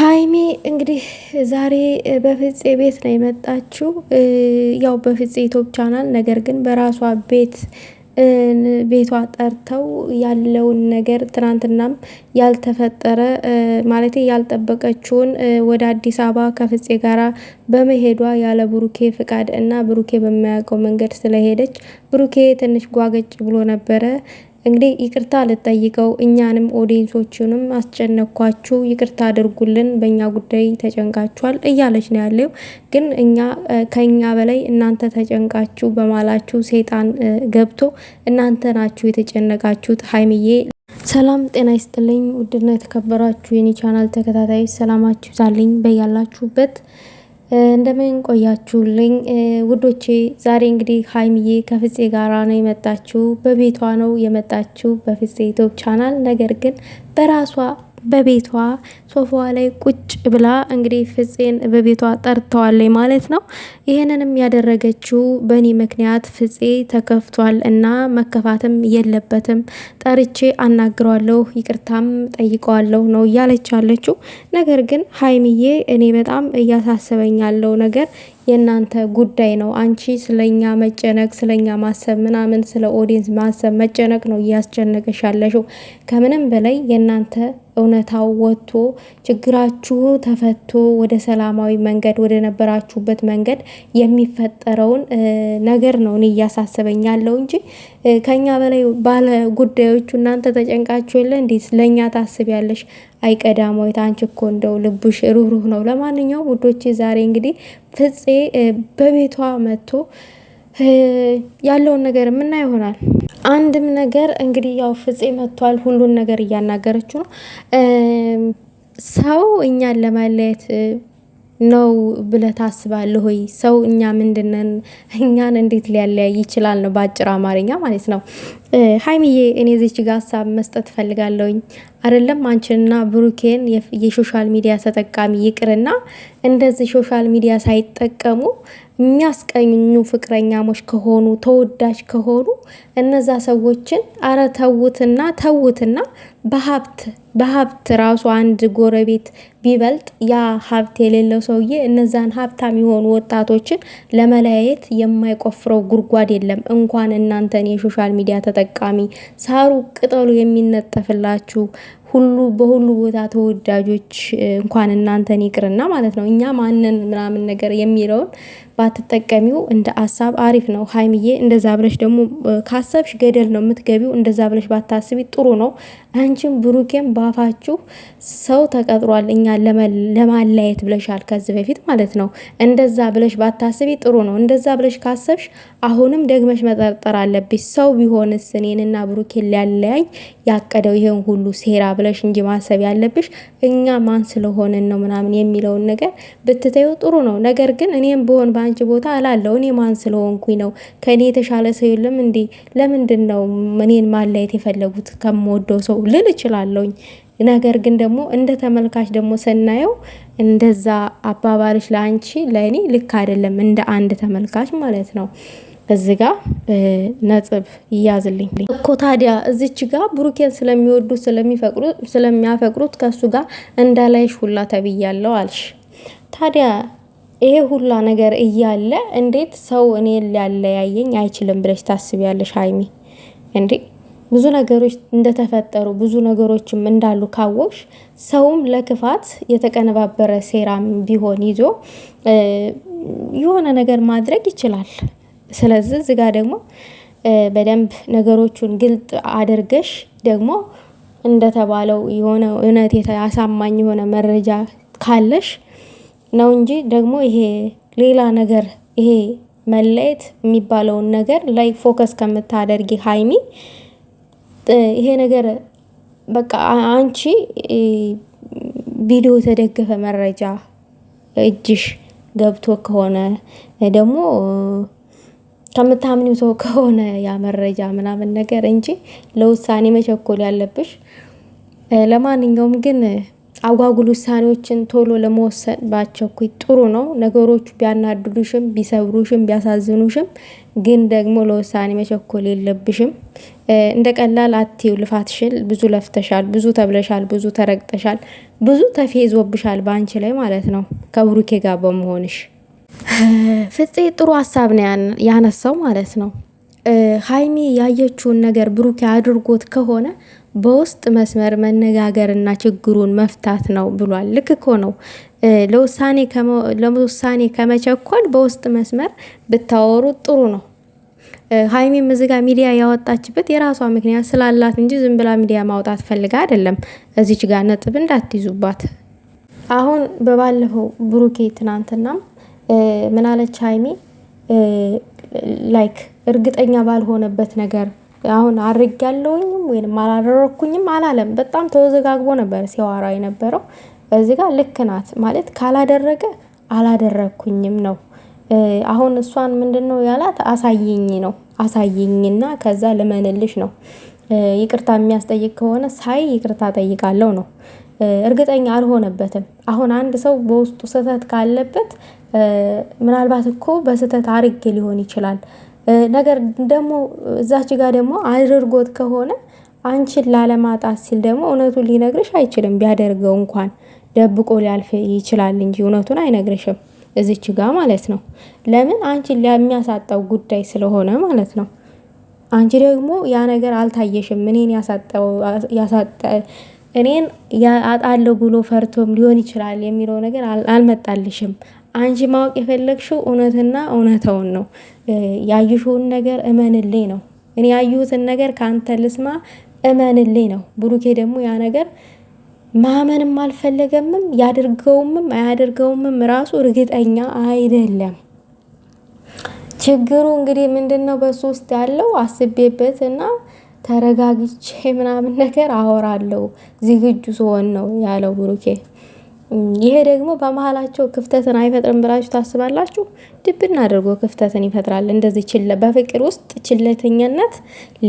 ሀይሚ እንግዲህ ዛሬ በፍፄ ቤት ነው የመጣችው። ያው በፍፄ ዩቱብ ቻናል ነገር ግን በራሷ ቤት ቤቷ ጠርተው ያለውን ነገር ትናንትናም ያልተፈጠረ ማለት ያልጠበቀችውን ወደ አዲስ አበባ ከፍፄ ጋራ በመሄዷ ያለ ብሩኬ ፍቃድ እና ብሩኬ በማያውቀው መንገድ ስለሄደች ብሩኬ ትንሽ ጓገጭ ብሎ ነበረ። እንግዲህ ይቅርታ ልጠይቀው እኛንም ኦዲየንሶቹንም አስጨነኳችሁ፣ ይቅርታ አድርጉልን፣ በእኛ ጉዳይ ተጨንቃችኋል እያለች ነው ያለው። ግን እኛ ከእኛ በላይ እናንተ ተጨንቃችሁ በማላችሁ ሰይጣን ገብቶ እናንተ ናችሁ የተጨነቃችሁት። ሀይምዬ ሰላም ጤና ይስጥልኝ። ውድና የተከበራችሁ የኔ ቻናል ተከታታይ ሰላማችሁ ይዛልኝ በያላችሁበት እንደምን ቆያችሁልኝ ውዶቼ። ዛሬ እንግዲህ ሀይሚዬ ከፍፄ ጋራ ነው የመጣችው። በቤቷ ነው የመጣችው በፍፄ ዩቲዩብ ቻናል። ነገር ግን በራሷ በቤቷ ሶፋዋ ላይ ቁጭ ብላ እንግዲህ ፍፄን በቤቷ ጠርተዋለች ማለት ነው። ይህንንም ያደረገችው በእኔ ምክንያት ፍፄ ተከፍቷል እና መከፋትም የለበትም ጠርቼ አናግረዋለሁ፣ ይቅርታም ጠይቀዋለሁ ነው እያለች ያለችው። ነገር ግን ሀይሚዬ እኔ በጣም እያሳሰበኝ ያለው ነገር የእናንተ ጉዳይ ነው። አንቺ ስለኛ መጨነቅ፣ ስለኛ ማሰብ ምናምን፣ ስለ ኦዲየንስ ማሰብ መጨነቅ ነው እያስጨነቀሽ ያለሽው ከምንም በላይ የእናንተ እውነታው ወጥቶ ችግራችሁ ተፈቶ ወደ ሰላማዊ መንገድ ወደ ነበራችሁበት መንገድ የሚፈጠረውን ነገር ነው እኔ እያሳሰበኝ ያለው እንጂ ከኛ በላይ ባለ ጉዳዮቹ እናንተ ተጨንቃችሁ የለ እንዴት ለእኛ ታስቢያለሽ? አይ አንቺ እኮ እንደው ልብሽ ሩህሩህ ነው። ለማንኛውም ውዶች ዛሬ እንግዲህ ፍፄ በቤቷ መጥቶ ያለውን ነገር የምና ይሆናል። አንድም ነገር እንግዲህ ያው ፍፄ መጥቷል፣ ሁሉን ነገር እያናገረችው ነው። ሰው እኛን ለማለት። ነው ብለህ ታስባለህ ሆይ? ሰው እኛ ምንድነን እኛን እንዴት ሊያለያይ ይችላል? ነው በአጭር አማርኛ ማለት ነው። ሀይሚዬ እኔ ዚች ጋ ሀሳብ መስጠት ፈልጋለሁኝ። አይደለም አንቺንና ብሩኬን የሶሻል ሚዲያ ተጠቃሚ ይቅርና እንደዚህ ሶሻል ሚዲያ ሳይጠቀሙ የሚያስቀኙ ፍቅረኛሞች ከሆኑ ተወዳጅ ከሆኑ እነዛ ሰዎችን አረ ተውትና ተውትና በሀብት በሀብት ራሱ አንድ ጎረቤት ቢበልጥ ያ ሀብት የሌለው ሰውዬ እነዛን ሀብታም የሆኑ ወጣቶችን ለመለያየት የማይቆፍረው ጉድጓድ የለም። እንኳን እናንተን የሶሻል ሚዲያ ተጠቃሚ ሳሩ ቅጠሉ የሚነጠፍላችሁ ሁሉ በሁሉ ቦታ ተወዳጆች እንኳን እናንተን ይቅርና ማለት ነው እኛ ማንን ምናምን ነገር የሚለውን ባትጠቀሚው እንደ አሳብ አሪፍ ነው። ሀይምዬ እንደዛ ብለሽ ደግሞ ካሰብሽ ገደል ነው የምትገቢው። እንደዛ ብለሽ ባታስቢ ጥሩ ነው። አንቺም ብሩኬም ባፋችሁ ሰው ተቀጥሯል እኛ ለማለያየት ብለሻል ከዚህ በፊት ማለት ነው። እንደዛ ብለሽ ባታስቢ ጥሩ ነው። እንደዛ ብለሽ ካሰብሽ አሁንም ደግመሽ መጠርጠር አለብሽ። ሰው ቢሆንስ እኔንና ብሩኬን ሊያለያይ ያቀደው ይህን ሁሉ ሴራ ብለሽ እንጂ ማሰብ ያለብሽ እኛ ማን ስለሆንን ነው ምናምን የሚለውን ነገር ብትተዩ ጥሩ ነው። ነገር ግን እኔም ብሆን በአንቺ ቦታ እላለሁ። እኔ ማን ስለሆንኩኝ ነው? ከእኔ የተሻለ ሰው የለም እንዴ? ለምንድን ነው እኔን ማለየት የፈለጉት? ከምወደው ሰው ልል እችላለሁኝ። ነገር ግን ደግሞ እንደ ተመልካች ደግሞ ስናየው እንደዛ አባባልሽ ለአንቺ ለእኔ ልክ አይደለም፣ እንደ አንድ ተመልካች ማለት ነው። እዚ ጋ ነጥብ እያዝልኝ እኮ ታዲያ እዚች ጋ ብሩኬን ስለሚወዱት ስለሚያፈቅሩት ከእሱ ጋር እንዳላይሽ ሁላ ተብያለው አልሽ ታዲያ ይሄ ሁላ ነገር እያለ እንዴት ሰው እኔ ሊያለያየኝ አይችልም ብለሽ ታስቢያለሽ ሀይሚ? እንዴ ብዙ ነገሮች እንደተፈጠሩ ብዙ ነገሮችም እንዳሉ ካወቅሽ ሰውም ለክፋት የተቀነባበረ ሴራም ቢሆን ይዞ የሆነ ነገር ማድረግ ይችላል። ስለዚህ እዚህ ደግሞ በደንብ ነገሮቹን ግልጥ አድርገሽ ደግሞ እንደተባለው የሆነ እውነት አሳማኝ የሆነ መረጃ ካለሽ ነው እንጂ ደግሞ ይሄ ሌላ ነገር ይሄ መለየት የሚባለውን ነገር ላይ ፎከስ ከምታደርጊ ሀይሚ ይሄ ነገር በቃ አንቺ ቪዲዮ የተደገፈ መረጃ እጅሽ ገብቶ ከሆነ ደግሞ ከምታምኒው ሰው ከሆነ ያ መረጃ ምናምን ነገር እንጂ ለውሳኔ መቸኮል ያለብሽ። ለማንኛውም ግን አጓጉል ውሳኔዎችን ቶሎ ለመወሰን ባቸኩይ ጥሩ ነው። ነገሮቹ ቢያናድዱሽም ቢሰብሩሽም ቢያሳዝኑሽም ግን ደግሞ ለውሳኔ መቸኮል የለብሽም። እንደ ቀላል አትዩ ልፋትሽን። ብዙ ለፍተሻል፣ ብዙ ተብለሻል፣ ብዙ ተረግጠሻል፣ ብዙ ተፌዞብሻል በአንቺ ላይ ማለት ነው ከብሩኬ ጋር በመሆንሽ። ፍፄ ጥሩ ሀሳብ ነው ያነሳው ማለት ነው። ሀይሚ ያየችውን ነገር ብሩኬ አድርጎት ከሆነ በውስጥ መስመር መነጋገርና ችግሩን መፍታት ነው ብሏል። ልክ እኮ ነው። ለውሳኔ ከመቸኮል በውስጥ መስመር ብታወሩ ጥሩ ነው። ሀይሚ ምዝጋ ሚዲያ ያወጣችበት የራሷ ምክንያት ስላላት እንጂ ዝም ብላ ሚዲያ ማውጣት ፈልጋ አይደለም። እዚች ጋር ነጥብ እንዳትይዙባት። አሁን በባለፈው ብሩኬ ትናንትናም ምናለች ሀይሚ ላይክ እርግጠኛ ባልሆነበት ነገር አሁን ያለውኝም ወይም አላደረኩኝም አላለም። በጣም ተወዘጋግቦ ነበር ሲያወራ የነበረው። እዚህ ጋር ልክ ናት ማለት ካላደረገ አላደረኩኝም ነው። አሁን እሷን ምንድን ነው ያላት? አሳየኝ ነው አሳየኝና ከዛ ልመንልሽ ነው። ይቅርታ የሚያስጠይቅ ከሆነ ሳይ ይቅርታ ጠይቃለው ነው። እርግጠኛ አልሆነበትም። አሁን አንድ ሰው በውስጡ ስህተት ካለበት ምናልባት እኮ በስህተት አርጌ ሊሆን ይችላል ነገር ደግሞ እዛች ጋር ደግሞ አድርጎት ከሆነ አንቺን ላለማጣት ሲል ደግሞ እውነቱን ሊነግርሽ አይችልም። ቢያደርገው እንኳን ደብቆ ሊያልፍ ይችላል እንጂ እውነቱን አይነግርሽም። እዚች ጋር ማለት ነው። ለምን አንቺን የሚያሳጣው ጉዳይ ስለሆነ ማለት ነው። አንቺ ደግሞ ያ ነገር አልታየሽም። እኔን ያሳጣው እኔን አጣለሁ ብሎ ፈርቶም ሊሆን ይችላል የሚለው ነገር አልመጣልሽም። አንቺ ማወቅ የፈለግሽው እውነትና እውነተውን ነው። ያየሽውን ነገር እመንልኝ ነው። እኔ ያየሁትን ነገር ከአንተ ልስማ እመንልኝ ነው። ብሩኬ ደግሞ ያ ነገር ማመንም አልፈለገምም ያድርገውምም አያድርገውምም ራሱ እርግጠኛ አይደለም። ችግሩ እንግዲህ ምንድን ነው? በሱ ውስጥ ያለው አስቤበት እና ተረጋግቼ ምናምን ነገር አወራለሁ ዝግጁ ስሆን ነው ያለው ብሩኬ። ይሄ ደግሞ በመሀላቸው ክፍተትን አይፈጥርም ብላችሁ ታስባላችሁ? ድብን አድርጎ ክፍተትን ይፈጥራል። እንደዚህ ችለ በፍቅር ውስጥ ችለተኛነት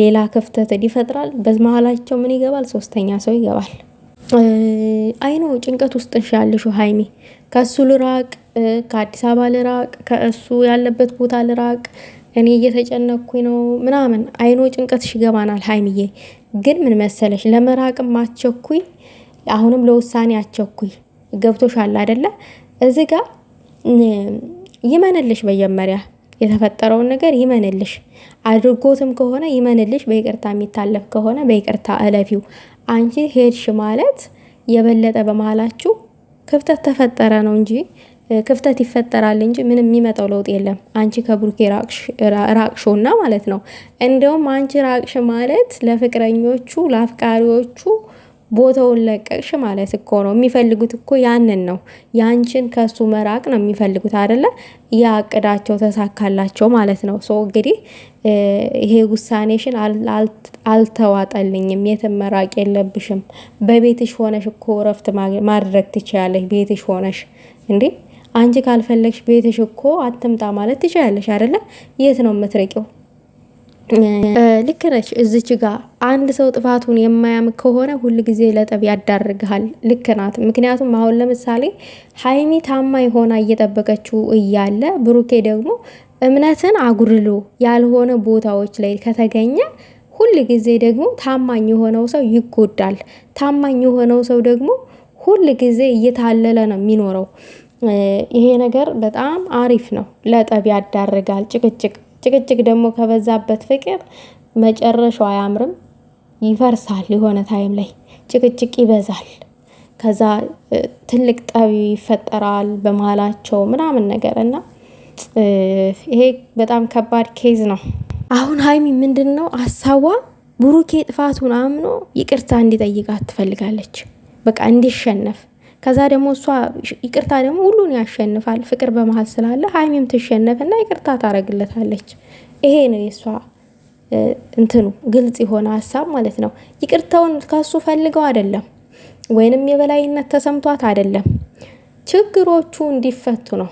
ሌላ ክፍተትን ይፈጥራል። በመሀላቸው ምን ይገባል? ሶስተኛ ሰው ይገባል። አይኖ ጭንቀት ውስጥ እንሻለሹ ሀይሚ ከእሱ ልራቅ፣ ከአዲስ አበባ ልራቅ፣ ከእሱ ያለበት ቦታ ልራቅ፣ እኔ እየተጨነኩኝ ነው ምናምን አይኖ ጭንቀትሽ ይገባናል። ሀይሚዬ ግን ምን መሰለሽ ለመራቅም አቸኩኝ፣ አሁንም ለውሳኔ አቸኩኝ ገብቶሻል አይደለ? እዚ ጋ ይመንልሽ፣ መጀመሪያ የተፈጠረውን ነገር ይመንልሽ። አድርጎትም ከሆነ ይመንልሽ። በይቅርታ የሚታለፍ ከሆነ በይቅርታ እለፊው። አንቺ ሄድሽ ማለት የበለጠ በመሀላችሁ ክፍተት ተፈጠረ ነው እንጂ ክፍተት ይፈጠራል እንጂ ምንም የሚመጣው ለውጥ የለም። አንቺ ከብሩኬ ራቅሾና ማለት ነው። እንደውም አንቺ ራቅሽ ማለት ለፍቅረኞቹ ለአፍቃሪዎቹ ቦታውን ለቀቅሽ ማለት እኮ ነው። የሚፈልጉት እኮ ያንን ነው። ያንቺን ከሱ መራቅ ነው የሚፈልጉት አይደለ? ያቅዳቸው ተሳካላቸው ማለት ነው። ሶ እንግዲህ ይሄ ውሳኔሽን አልተዋጠልኝም፣ የትም መራቅ የለብሽም። በቤትሽ ሆነሽ እኮ እረፍት ማድረግ ትችያለሽ። ቤትሽ ሆነሽ እንዴ አንቺ ካልፈለግሽ ቤትሽ እኮ አትምጣ ማለት ትችያለሽ አይደለ? የት ነው የምትርቂው? ልክ ነች። እዚች ጋ አንድ ሰው ጥፋቱን የማያም ከሆነ ሁል ጊዜ ለጠብ ያዳርግሃል። ልክ ናት። ምክንያቱም አሁን ለምሳሌ ሀይሚ ታማ የሆና እየጠበቀችው እያለ ብሩኬ ደግሞ እምነትን አጉርሎ ያልሆነ ቦታዎች ላይ ከተገኘ ሁል ጊዜ ደግሞ ታማኝ የሆነው ሰው ይጎዳል። ታማኝ የሆነው ሰው ደግሞ ሁል ጊዜ እየታለለ ነው የሚኖረው። ይሄ ነገር በጣም አሪፍ ነው። ለጠብ ያዳርጋል ጭቅጭቅ ጭቅጭቅ ደግሞ ከበዛበት ፍቅር መጨረሻው አያምርም፣ ይፈርሳል። የሆነ ታይም ላይ ጭቅጭቅ ይበዛል። ከዛ ትልቅ ጠቢ ይፈጠራል በመሀላቸው ምናምን ነገር እና ይሄ በጣም ከባድ ኬዝ ነው። አሁን ሀይሚ ምንድን ነው አሳዋ ብሩኬ ጥፋቱን አምኖ ይቅርታ እንዲጠይቃት ትፈልጋለች። በቃ እንዲሸነፍ ከዛ ደግሞ እሷ ይቅርታ ደግሞ ሁሉን ያሸንፋል። ፍቅር በመሀል ስላለ ሀይሚም ትሸነፍና ይቅርታ ታረግለታለች። ይሄ ነው የእሷ እንትኑ ግልጽ የሆነ ሀሳብ ማለት ነው። ይቅርታውን ከሱ ፈልገው አይደለም ወይንም የበላይነት ተሰምቷት አይደለም። ችግሮቹ እንዲፈቱ ነው።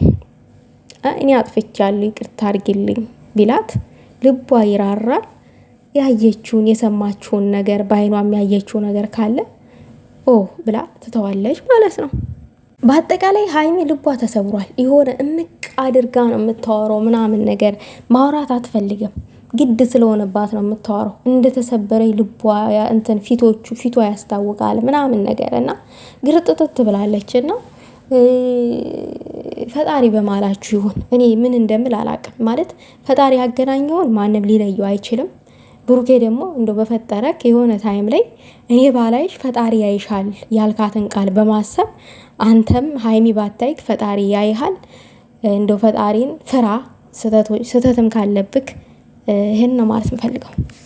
እኔ አጥፍቻለሁ ይቅርታ አድርጊልኝ ቢላት ልቧ ይራራል። ያየችውን የሰማችውን ነገር በአይኗም ያየችው ነገር ካለ ኦ ብላ ትተዋለች ማለት ነው። በአጠቃላይ ሀይሚ ልቧ ተሰብሯል። የሆነ እምቅ አድርጋ ነው የምታወራው ምናምን ነገር ማውራት አትፈልግም። ግድ ስለሆነባት ነው የምታወራው። እንደተሰበረ ልቧ እንትን ፊቶቹ ፊቷ ያስታውቃል ምናምን ነገር እና ግርጥጥት ብላለች እና ፈጣሪ በማላችሁ ይሁን። እኔ ምን እንደምል አላቅም። ማለት ፈጣሪ ያገናኘውን ማንም ሊለየው አይችልም። ብሩኬ ደግሞ እንደ በፈጠረክ የሆነ ታይም ላይ እኔ ባላይሽ ፈጣሪ ያይሻል ያልካትን ቃል በማሰብ አንተም ሀይሚ ባታይክ ፈጣሪ ያይሃል። እንደ ፈጣሪን ፍራ፣ ስህተትም ካለብክ ይህን ነው ማለት ምፈልገው።